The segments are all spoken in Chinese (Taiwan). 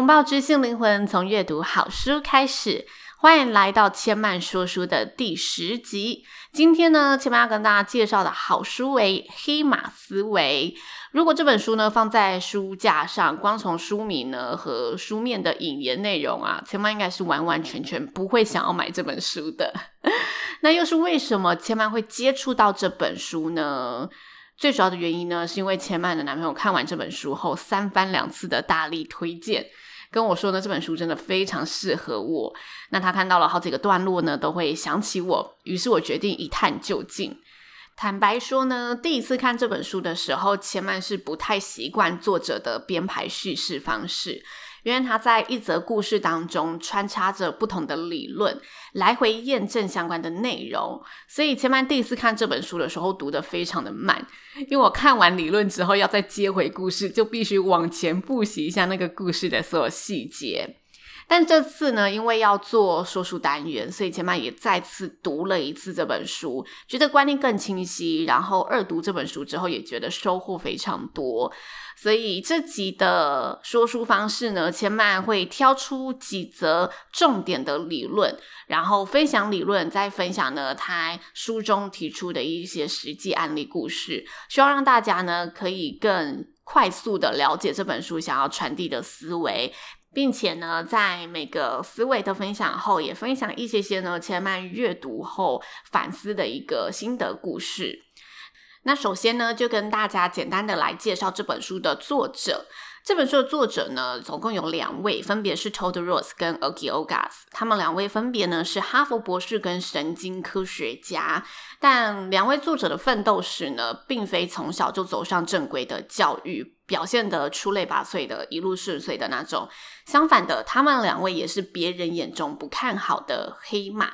擁抱知性靈魂，從閱讀好書開始。歡迎來到千嫚說書的第十集。今天呢，千嫚要跟大家介紹的好書為《黑馬思維》。如果這本書呢放在書架上，光從書名呢和書面的引言內容啊，千嫚應該是完完全全不會想要買這本書的。 那又是為什麼千嫚會接觸到這本書呢？最主要的原因呢，是因為千嫚的男朋友看完這本書後，三番兩次的大力推薦。跟我說呢，這本書真的非常適合我。那他看到了好幾個段落呢，都會想起我。於是我決定一探究竟。坦白說呢，第一次看這本書的時候，千嫚是不太習慣作者的編排敘事方式。因為他在一則故事當中穿插着不同的理論，來回驗證相關的內容，所以千嫚第一次看這本書的時候讀得非常的慢，因為我看完理論之後要再接回故事，就必須往前複習一下那個故事的所有細節。但這次呢，因為要做說書單元，所以千嫚也再次讀了一次這本書，覺得觀念更清晰。然後二讀這本書之後，也覺得收穫非常多。所以這集的說書方式呢，千嫚會挑出幾則重點的理論，然後分享理論，再分享呢他書中提出的一些實際案例故事，希望讓大家呢可以更快速的了解這本書想要傳遞的思維。並且呢，在每個思維的分享後，也分享一些些呢，千嫚閱讀後反思的一個心得故事。那首先呢，就跟大家簡單的來介紹這本書的作者。這本書的作者呢，總共有兩位，分別是 Todd Rose 跟 Ogi Ogas，他們兩位分別呢是哈佛博士跟神經科學家。但兩位作者的奮鬥史呢，並非從小就走上正規的教育。表現得出類拔萃的，一路順遂的那種。相反的，他們兩位也是別人眼中不看好的黑馬。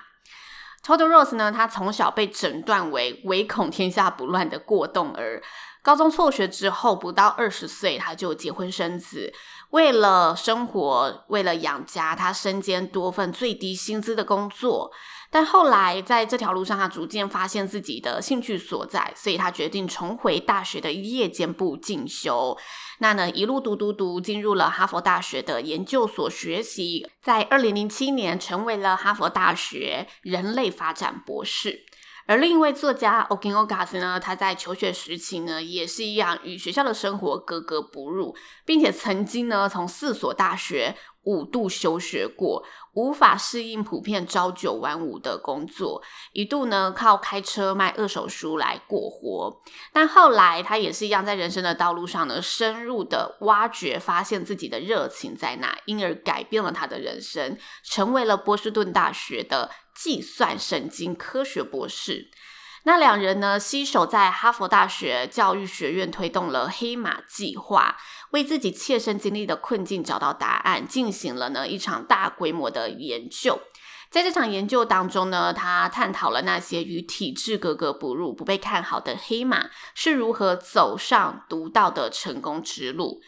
Todd Rose 呢，他從小被診斷為唯恐天下不亂的過動兒，高中輟學之後，不到二十歲他就結婚生子，為了生活，為了養家，他身兼多份最低薪資的工作。但後來，在這條路上，啊，他逐漸發現自己的興趣所在，所以他決定重回大學的夜間部進修。那呢，一路讀讀讀，進入了哈佛大學的研究所學習，在二零零七年成為了哈佛大學人類發展博士。而另一位作家 Ogi Ogas 呢，他在求學時期呢，也是一樣與學校的生活格格不入，並且曾經呢，從四所大學。五度休學過，無法適應普遍朝九晚五的工作，一度呢靠開車賣二手書來過活。但後來他也是一樣，在人生的道路上呢，深入的挖掘，發現自己的熱情在哪，因而改變了他的人生，成為了波士頓大學的計算神經科學博士。那兩人呢，攜手在哈佛大學教育學院推動了黑馬計劃。為自己切身經歷的困境找到答案，進行了呢一場大規模的研究。在這場研究當中呢，他探討了那些與體制格格不入、不被看好的黑馬是如何走上獨到的成功之路。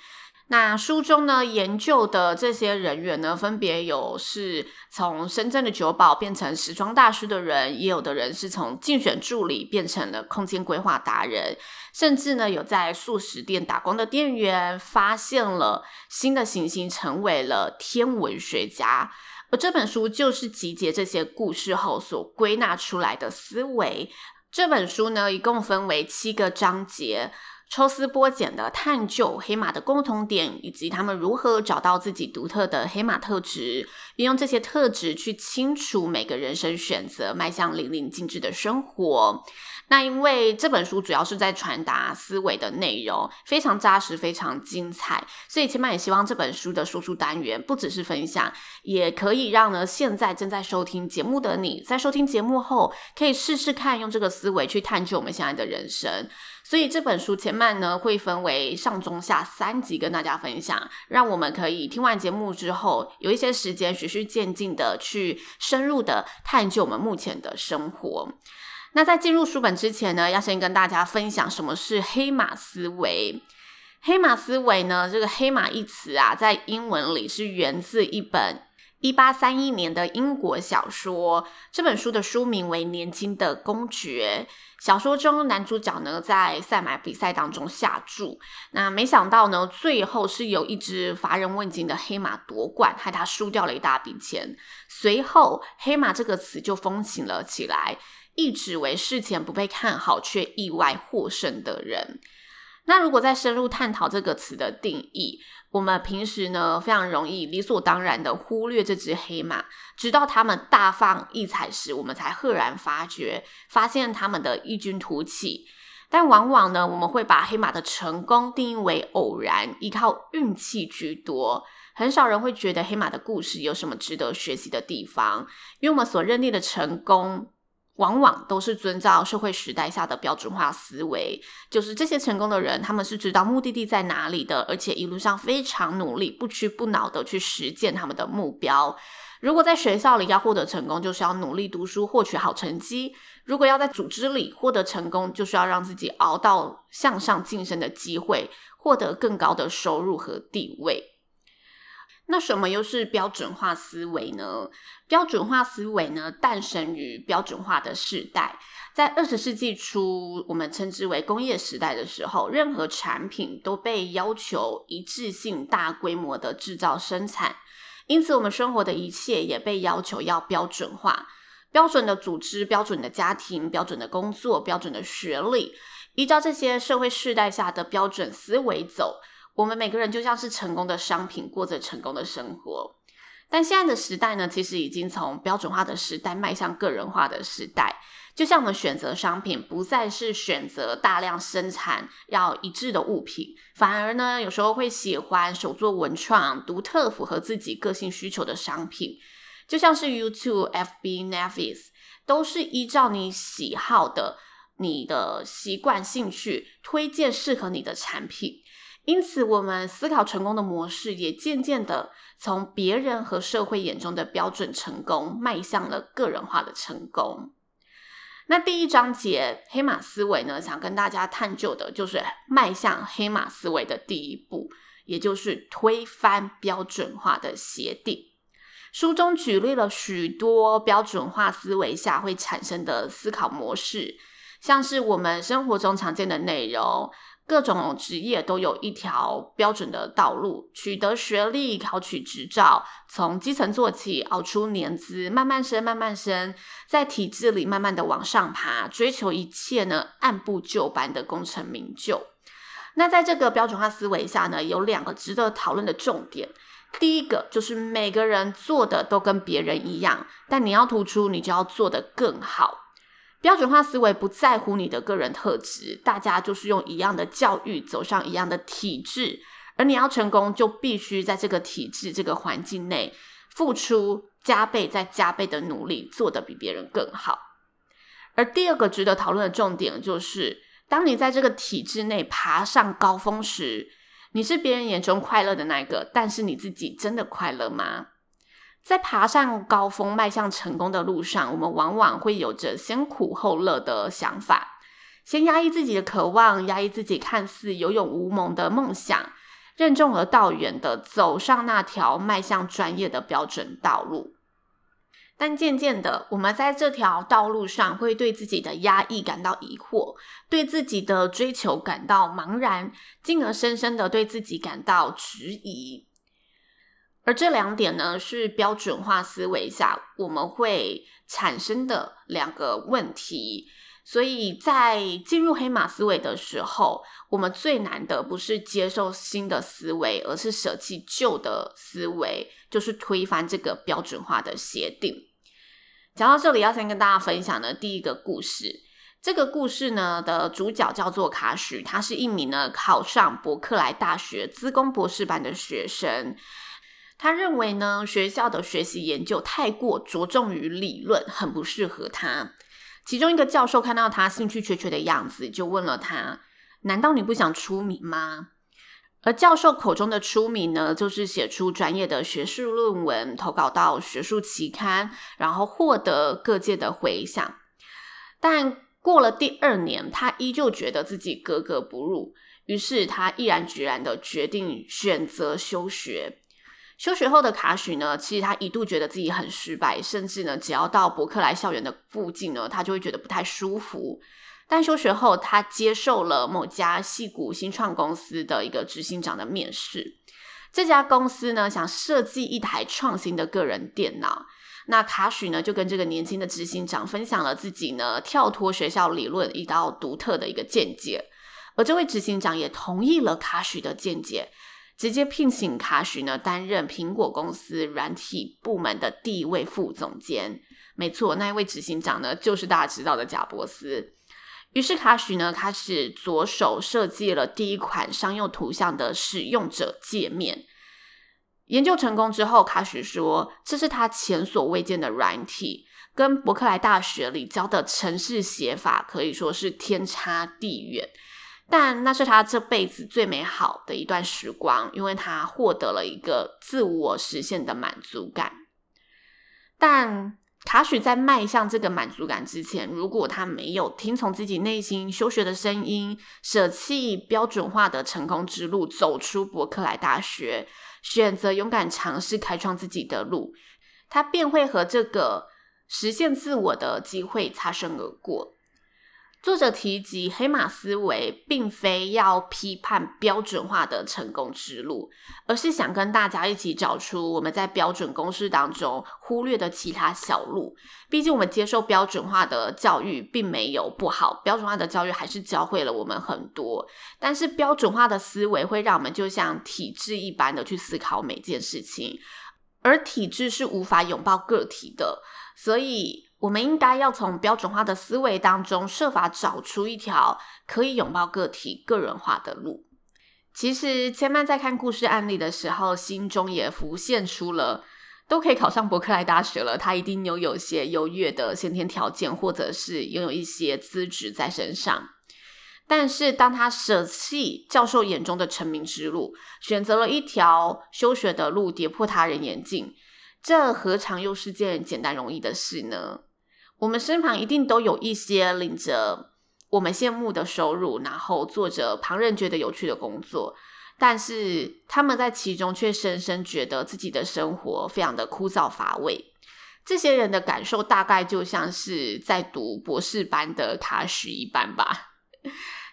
那書中呢，研究的這些人員呢，分別有是從深圳的酒保變成時裝大師的人，也有的人是從競選助理變成了空間規劃達人，甚至呢，有在素食店打工的店員發現了新的行星，成為了天文學家。而這本書就是集結這些故事後所歸納出來的思維。這本書呢，一共分為七個章節。抽絲剝繭的探究黑馬的共同點，以及他們如何找到自己獨特的黑馬特質。用這些特質去清楚每個人生選擇，邁向淋漓盡致的生活。那因為這本書主要是在傳達思維的內容，非常扎實，非常精彩，所以千嫚也希望這本書的說書單元不只是分享，也可以讓呢現在正在收聽節目的你在收聽節目後，可以試試看用這個思維去探究我們現在的人生。所以這本書千嫚呢會分為上中下三集跟大家分享，讓我們可以聽完節目之後有一些時間學循序漸進的去深入的探究我們目前的生活，那在進入書本之前呢，要先跟大家分享什麼是黑馬思維。黑馬思維呢，這個黑馬一詞啊，在英文裡是源自一本。一八三一年的英國小說，這本書的書名為《年輕的公爵》。小說中男主角呢，在賽馬比賽當中下注，那沒想到呢，最後是有一隻乏人問津的黑馬奪冠，害他輸掉了一大筆錢。隨後，“黑馬”這個詞就風行了起來，意指為事前不被看好卻意外獲勝的人。那如果再深入探討這個詞的定義，我們平時呢非常容易理所當然的忽略這隻黑馬，直到他們大放異彩時，我們才赫然發覺，發現他們的異軍突起。但往往呢，我們會把黑馬的成功定義為偶然，依靠運氣居多，很少人會覺得黑馬的故事有什麼值得學習的地方，因為我們所認定的成功。往往都是遵照社會時代下的標準化思維，就是這些成功的人，他們是知道目的地在哪裡的，而且一路上非常努力、不屈不撓地去實踐他們的目標。如果在學校裡要獲得成功，就是要努力讀書，獲取好成績；如果要在組織裡獲得成功，就是要讓自己熬到向上晉升的機會，獲得更高的收入和地位。那什麼又是標準化思維呢？標準化思維呢，誕生於標準化的世代，在二十世紀初，我們稱之為工業時代的時候，任何產品都被要求一致性、大規模的制造生產，因此我們生活的一切也被要求要標準化，標準的組織、標準的家庭、標準的工作、標準的學歷，依照這些社會世代下的標準思維走。我們每個人就像是成功的商品，過着成功的生活。但現在的時代呢，其實已經從標準化的時代邁向個人化的時代。就像我們選擇商品，不再是選擇大量生產要一致的物品，反而呢，有時候會喜歡手作、文創、獨特、符合自己個性需求的商品。就像是 YouTube、FB、Netflix 都是依照你喜好的、你的習慣、興趣，推薦適合你的產品。因此，我們思考成功的模式也漸漸地從別人和社會眼中的標準成功，邁向了個人化的成功。那第一章節“黑馬思維”呢，想跟大家探究的就是邁向黑馬思維的第一步，也就是推翻標準化的協定。書中舉例了許多標準化思維下會產生的思考模式，像是我們生活中常見的內容。各種職業都有一條標準的道路，取得學歷、考取執照，從基層做起，熬出年資，慢慢升、慢慢升，在體制裡慢慢的往上爬，追求一切呢，按部就班的功成名就。那在這個標準化思維下呢，有兩個值得討論的重點。第一個就是每個人做的都跟別人一樣，但你要突出，你就要做得更好。標準化思維不在乎你的個人特質，大家就是用一樣的教育走上一樣的體制，而你要成功就必須在這個體制這個環境內付出加倍再加倍的努力，做得比別人更好。而第二個值得討論的重點就是，當你在這個體制內爬上高峰時，你是別人眼中快樂的那一個，但是你自己真的快樂嗎？在爬上高峰、邁向成功的路上，我們往往會有着先苦後樂的想法，先壓抑自己的渴望，壓抑自己看似有勇無謀的夢想，任重而道遠的走上那條邁向專業的標準道路。但漸漸的，我們在這條道路上會對自己的壓抑感到疑惑，對自己的追求感到茫然，進而深深的對自己感到質疑。而這兩點呢，是標準化思維下我們會產生的兩個問題。所以在進入黑馬思維的時候，我們最難的不是接受新的思維，而是捨棄舊的思維，就是推翻這個標準化的協定。講到這裡，要先跟大家分享的第一個故事，這個故事呢的主角叫做卡許，他是一名呢考上伯克萊大學資工博士班的學生。他認為呢，學校的學習研究太過着重於理論，很不適合他。其中一個教授看到他興趣缺缺的樣子，就問了他：“難道你不想出名嗎？”而教授口中的出名呢，就是寫出專業的學術論文，投稿到學術期刊，然後獲得各界的回響。但過了第二年，他依舊覺得自己格格不入，於是他毅然決然的決定選擇休學。休學後的卡許呢，其實他一度覺得自己很失敗，甚至呢，只要到伯克萊校園的附近呢，他就會覺得不太舒服。但休學後，他接受了某家矽谷新創公司的一個執行長的面試。這家公司呢，想設計一台創新的個人電腦。那卡許呢，就跟這個年輕的執行長分享了自己呢跳脫學校理論一道獨特的一個見解，而這位執行長也同意了卡許的見解。直接聘請卡許呢擔任蘋果公司軟體部門的第一位副總監。沒錯，那一位執行長呢就是大家知道的賈伯斯。於是卡許呢開始著手設計了第一款商用圖像的使用者界面。研究成功之後，卡許說：“這是他前所未見的軟體，跟伯克萊大學裡教的程式寫法可以說是天差地遠。”但那是他這輩子最美好的一段時光，因為他獲得了一個自我實現的滿足感。但卡許在邁向這個滿足感之前，如果他沒有聽從自己內心休學的聲音，捨棄標準化的成功之路，走出伯克萊大學，選擇勇敢嘗試開創自己的路，他便會和這個實現自我的機會擦身而過。作者提及黑馬思維，並非要批判標準化的成功之路，而是想跟大家一起找出我們在標準公式當中忽略的其他小路。畢竟我們接受標準化的教育並沒有不好，標準化的教育還是教會了我們很多。但是標準化的思維會讓我們就像體制一般的去思考每件事情，而體制是無法擁抱個體的，所以。我們應該要從標準化的思維當中設法找出一條可以擁抱個體個人化的路。其實，千嫚在看故事案例的時候，心中也浮現出了：都可以考上伯克萊大學了，他一定有有些優越的先天條件，或者是擁有一些資質在身上。但是，當他捨棄教授眼中的成名之路，選擇了一條休學的路，跌破他人眼鏡，這何嘗又是件簡單容易的事呢？我們身旁一定都有一些領着我們羨慕的收入，然後做着旁人覺得有趣的工作，但是他們在其中卻深深覺得自己的生活非常的枯燥乏味。這些人的感受大概就像是在讀博士班的卡士一般吧。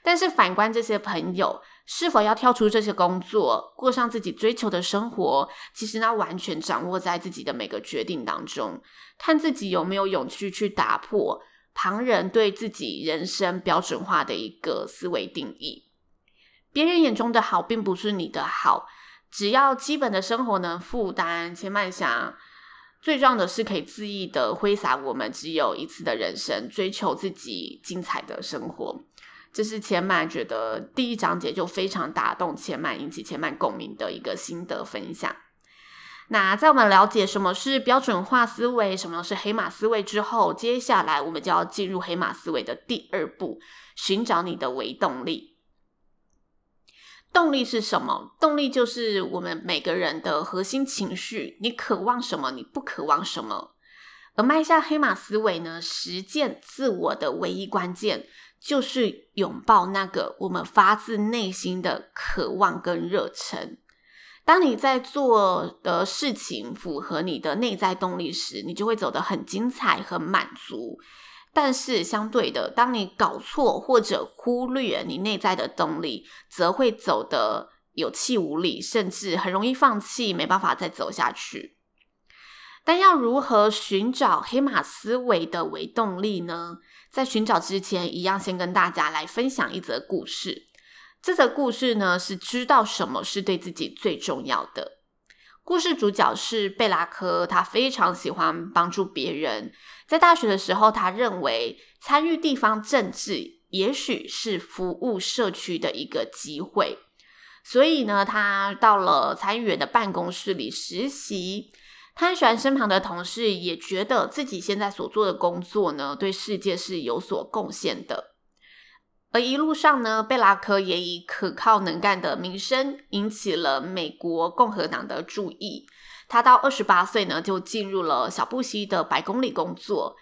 但是反觀這些朋友。是否要跳出這些工作，過上自己追求的生活？其實呢，完全掌握在自己的每個決定當中，看自己有沒有勇氣去打破旁人對自己人生標準化的一個思維定義。別人眼中的好，並不是你的好。只要基本的生活能負擔，且慢想，最重要的是可以恣意的揮灑我們只有一次的人生，追求自己精彩的生活。這是千嫚覺得第一章節就非常打動千嫚，引起千嫚共鳴的一個心得分享。那在我們了解什麼是標準化思維，什麼是黑馬思維之後，接下來我們就要進入黑馬思維的第二步，尋找你的微動力。動力是什麼？動力就是我們每個人的核心情緒。你渴望什麼？你不渴望什麼？而邁向黑馬思維呢？實踐自我的唯一關鍵。就是擁抱那個我們發自內心的渴望跟熱忱。當你在做的事情符合你的內在動力時，你就會走得很精彩、很滿足。但是相對的，當你搞錯或者忽略你內在的動力，則會走得有氣無力，甚至很容易放棄，沒辦法再走下去。但要如何尋找黑馬思維的微動力呢？在尋找之前，一樣先跟大家來分享一則故事。這則故事呢，是知道什麼是對自己最重要的。故事主角是貝拉科，他非常喜歡幫助別人。在大學的時候，他認為參與地方政治也許是服務社區的一個機會，所以呢，他到了參議員的辦公室裡實習。潘旋身旁的同事也覺得自己現在所做的工作呢，對世界是有所貢獻的。而一路上呢，貝拉科也以可靠能幹的名聲引起了美國共和黨的注意。他到二十八歲呢，就進入了小布希的白宮裡工作，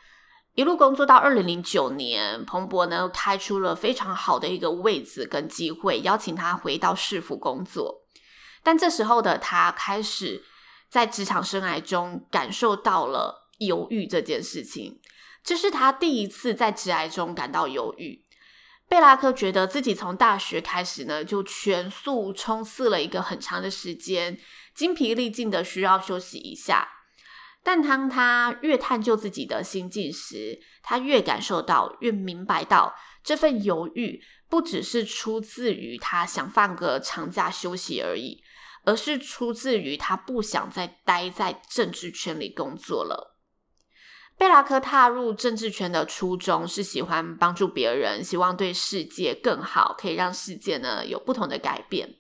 一路工作到二零零九年，彭博呢開出了非常好的一個位置跟機會，邀請他回到市府工作。但這時候的他開始。在職場生涯中，感受到了猶豫這件事情，這是他第一次在職涯中感到猶豫。貝拉克覺得自己從大學開始呢，就全速衝刺了一個很長的時間，精疲力盡的需要休息一下。但當他越探究自己的心境時，他越感受到，越明白到，這份猶豫不只是出自於他想放個長假休息而已。而是出自於他不想再待在政治圈裡工作了。貝拉克踏入政治圈的初衷是喜歡幫助別人，希望對世界更好，可以讓世界呢有不同的改變。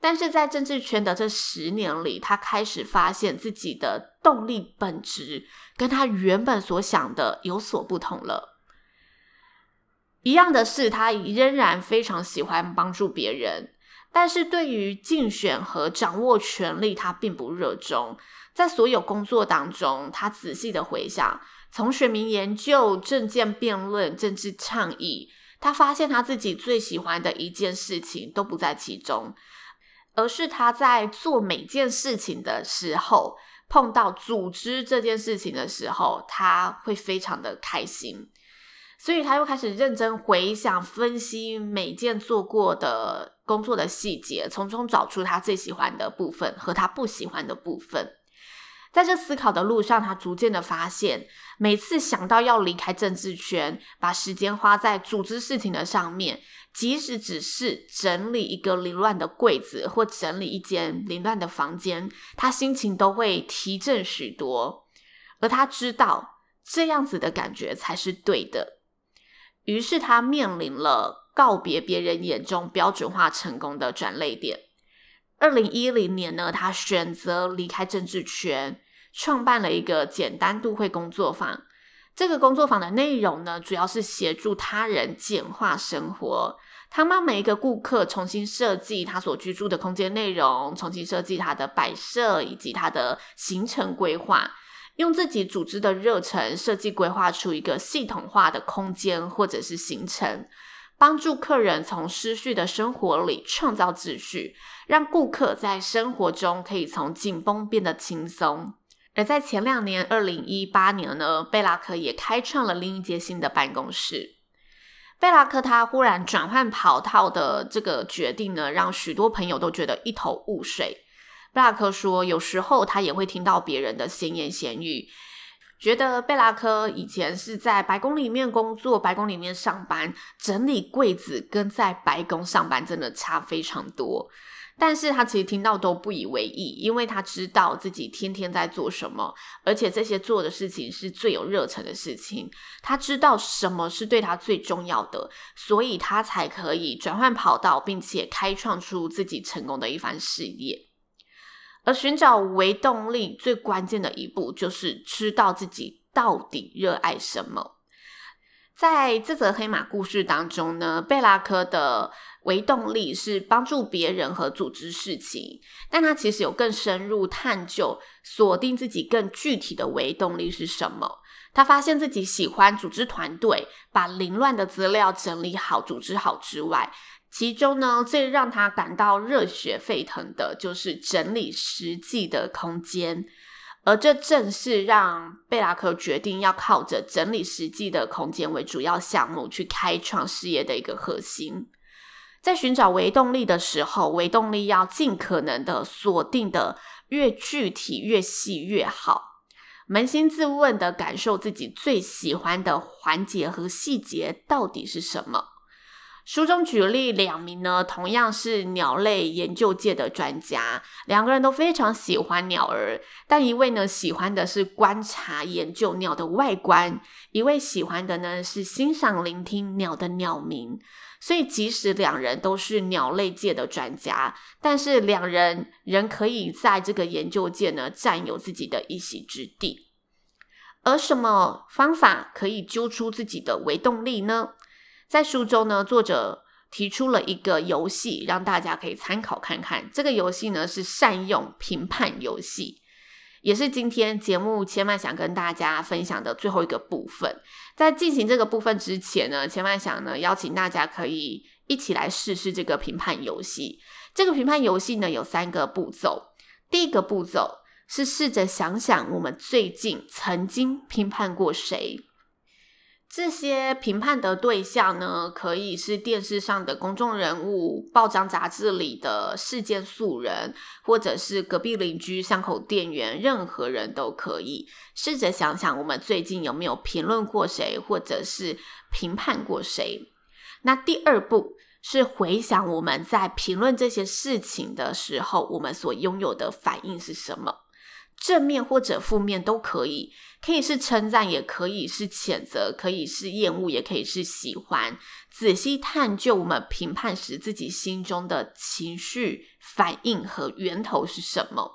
但是在政治圈的這十年裡，他開始發現自己的動力本質跟他原本所想的有所不同了。一樣的是，他仍然非常喜歡幫助別人。但是對於競選和掌握權力，他並不熱衷。在所有工作當中，他仔細地回想，從選民研究、政見辯論、政治倡議，他發現他自己最喜歡的一件事情都不在其中，而是他在做每件事情的時候，碰到組織這件事情的時候，他會非常的開心。所以他又開始認真回想、分析每件做過的。工作的細節，從中找出他最喜歡的部分和他不喜歡的部分。在這思考的路上，他逐漸的發現，每次想到要離開政治圈，把時間花在組織事情的上面，即使只是整理一個凌亂的櫃子或整理一間凌亂的房間，他心情都會提振許多。而他知道這樣子的感覺才是對的，於是他面臨了。告別別人眼中標準化成功的轉捩點。二零一零年呢，他選擇離開政治圈，創辦了一個簡單都會工作坊。這個工作坊的內容呢，主要是協助他人簡化生活。他幫每一個顧客重新設計他所居住的空間內容，重新設計他的擺設以及他的行程規劃，用自己組織的熱忱設計規劃出一個系統化的空間或者是行程。幫助客人從失序的生活裡創造秩序，讓顧客在生活中可以從緊繃變得輕鬆。而在前兩年，二零一八年呢，貝拉克也開創了另一間新的辦公室。貝拉克他忽然轉換跑道的這個決定呢，讓許多朋友都覺得一頭霧水。貝拉克說，有時候他也會聽到別人的閒言閒語。覺得貝拉克以前是在白宮裡面工作，白宮裡面上班，整理櫃子，跟在白宮上班真的差非常多。但是他其實聽到都不以為意，因為他知道自己天天在做什麼，而且這些做的事情是最有熱忱的事情。他知道什麼是對他最重要的，所以他才可以轉換跑道，並且開創出自己成功的一番事業。而尋找微動力最關鍵的一步，就是知道自己到底熱愛什麼。在這則黑馬故事當中呢，貝拉科的微動力是幫助別人和組織事情，但他其實有更深入探究，鎖定自己更具體的微動力是什麼。他發現自己喜歡組織團隊，把凌亂的資料整理好、組織好之外。其中呢，最讓他感到熱血沸騰的就是整理實際的空間，而這正是讓貝拉克決定要靠着整理實際的空間為主要項目去開創事業的一個核心。在尋找微動力的時候，微動力要盡可能的鎖定的越具體、越細越好。捫心自問的感受，自己最喜歡的環節和細節到底是什麼？書中舉例兩名呢，同樣是鳥類研究界的專家，兩個人都非常喜歡鳥兒，但一位呢喜歡的是觀察研究鳥的外觀，一位喜歡的呢是欣賞聆聽鳥的鳥鳴。所以，即使兩人都是鳥類界的專家，但是兩人仍可以在這個研究界呢佔有自己的一席之地。而什麼方法可以揪出自己的維動力呢？在書中呢，作者提出了一個遊戲，讓大家可以參考看看。這個遊戲呢是善用評判遊戲，也是今天節目千嫚想跟大家分享的最後一個部分。在進行這個部分之前呢，千嫚想呢邀請大家可以一起來試試這個評判遊戲。這個評判遊戲呢有三個步驟，第一個步驟是試着想想我們最近曾經評判過誰。這些評判的對象呢，可以是電視上的公眾人物、報章雜誌裡的事件素人，或者是隔壁鄰居、巷口店員，任何人都可以。試着想想，我們最近有沒有評論過誰，或者是評判過誰？那第二步是回想我們在評論這些事情的時候，我們所擁有的反應是什麼？正面或者負面都可以，可以是稱讚，也可以是譴責，可以是厭惡，也可以是喜歡。仔細探究我們評判時自己心中的情緒反應和源頭是什麼。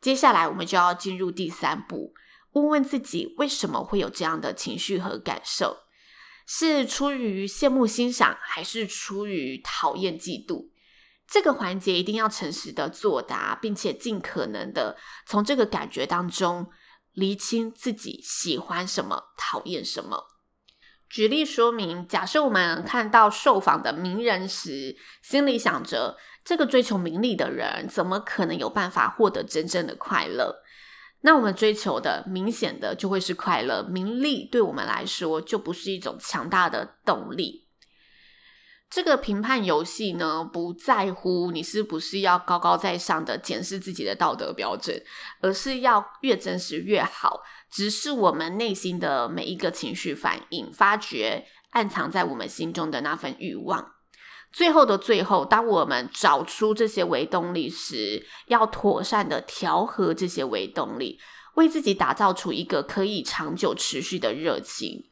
接下來，我們就要進入第三步，問問自己為什麼會有這樣的情緒和感受，是出於羨慕欣賞，還是出於討厭嫉妒？這個環節一定要誠實的作答，並且盡可能的從這個感覺當中釐清自己喜歡什麼、討厭什麼。舉例說明，假設我們看到受訪的名人時，心裡想着這個追求名利的人怎麼可能有辦法獲得真正的快樂？那我們追求的明顯的就會是快樂，名利對我們來說就不是一種強大的動力。這個評判遊戲呢，不在乎你是不是要高高在上的檢視自己的道德標準，而是要越真實越好，直視我們內心的每一個情緒反應，發掘暗藏在我們心中的那份慾望。最後的最後，當我們找出這些微動力時，要妥善地調和這些微動力，為自己打造出一個可以長久持續的熱情。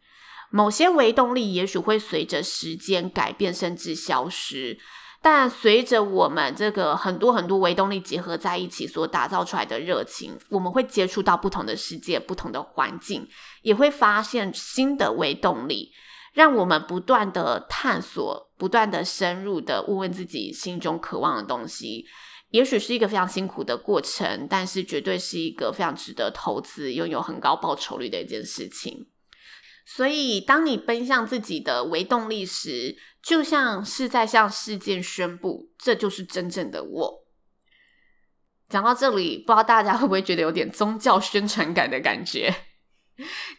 某些微動力也許會隨着時間改變，甚至消失。但隨着我們這個很多很多微動力結合在一起所打造出來的熱情，我們會接觸到不同的世界、不同的環境，也會發現新的微動力，讓我們不斷的探索、不斷的深入的問問自己心中渴望的東西。也許是一個非常辛苦的過程，但是絕對是一個非常值得投資、擁有很高報酬率的一件事情。所以，當你奔向自己的微動力時，就像是在向世界宣布，這就是真正的我。講到這裡，不知道大家會不會覺得有點宗教宣傳感的感覺？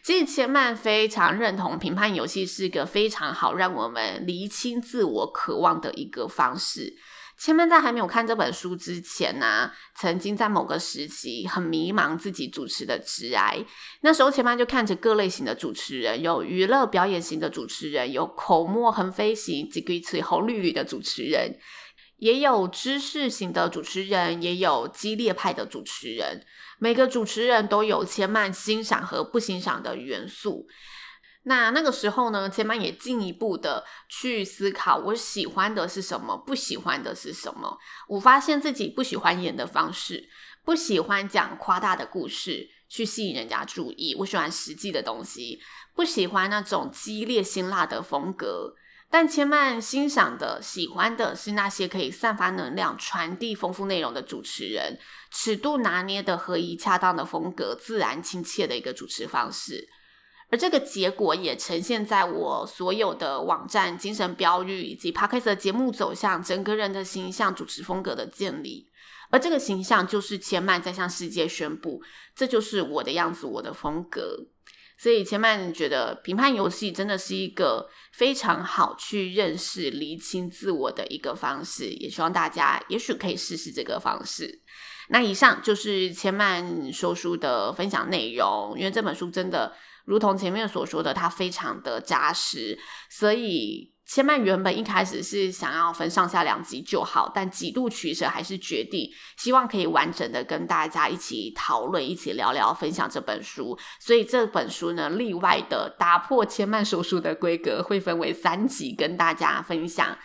其實千嫚非常認同，評判遊戲是一個非常好讓我們釐清自我渴望的一個方式。千嫚在還沒有看這本書之前呢、啊，曾經在某個時期很迷茫自己主持的職涯。那時候，千嫚就看着各類型的主持人，有娛樂表演型的主持人，有口沫橫飛型、脊嘰吃紅綠綠的主持人，也有知識型的主持人，也有激烈派的主持人。每個主持人都有千嫚欣賞和不欣賞的元素。那那個時候呢，千嫚也進一步的去思考，我喜歡的是什麼，不喜歡的是什麼。我發現自己不喜歡演的方式，不喜歡講誇大的故事去吸引人家注意。我喜歡實際的東西，不喜歡那種激烈辛辣的風格。但千嫚欣賞的、喜歡的是那些可以散發能量、傳遞豐富內容的主持人，尺度拿捏的合宜恰當的風格，自然親切的一個主持方式。而這個結果也呈現在我所有的網站精神標語，以及 podcast 的節目走向，整個人的形象、主持風格的建立。而這個形象就是千嫚在向世界宣布，這就是我的樣子，我的風格。所以千嫚覺得，評判遊戲真的是一個非常好去認識、釐清自我的一個方式。也希望大家，也許可以試試這個方式。那以上就是千嫚說書的分享內容，因為這本書真的。如同前面所說的，它非常的扎實，所以千嫚原本一開始是想要分上下兩集就好，但幾度取捨，還是決定，希望可以完整的跟大家一起討論，一起聊聊，分享這本書。所以這本書呢，例外的打破千嫚說書的規格，會分為三集跟大家分享。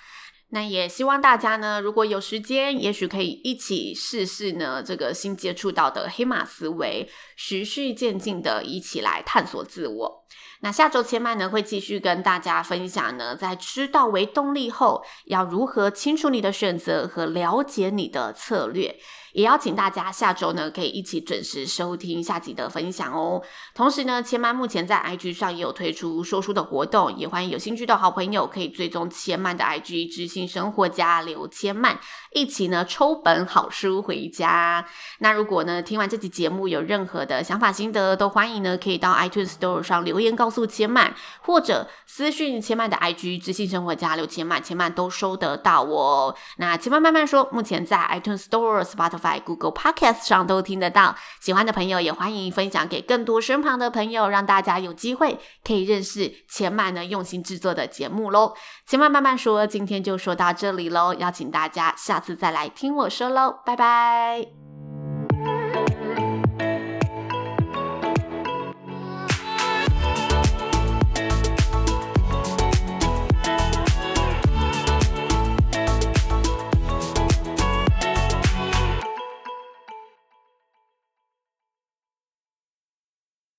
那也希望大家呢，如果有時間，也許可以一起試試呢這個新接觸到的黑馬思維，循序漸進的一起來探索自我。那下周千嫚呢會繼續跟大家分享呢，在知道微動力後，要如何清楚你的選擇和了解你的策略。也邀請大家下周呢，可以一起準時收聽下集的分享哦。同時呢，千嫚目前在 IG 上也有推出說書的活動，也歡迎有興趣的好朋友可以追蹤千嫚的 IG 知性生活家劉千嫚。一起呢，抽本好書回家。那如果呢，聽完這集節目有任何的想法心得，都歡迎呢可以到 iTunes Store 上留言告訴千嫚，或者私訊千嫚的 IG 知性生活家劉千嫚，千嫚都收得到哦。那千嫚慢慢說，目前在 iTunes Store、Spotify、Google Podcast 上都聽得到，喜歡的朋友也歡迎分享給更多身旁的朋友，讓大家有機會可以認識千嫚呢用心製作的節目嘍。千嫚慢慢說，今天就說到這裡嘍，邀請大家下。下次再來聽我說嘍，拜拜。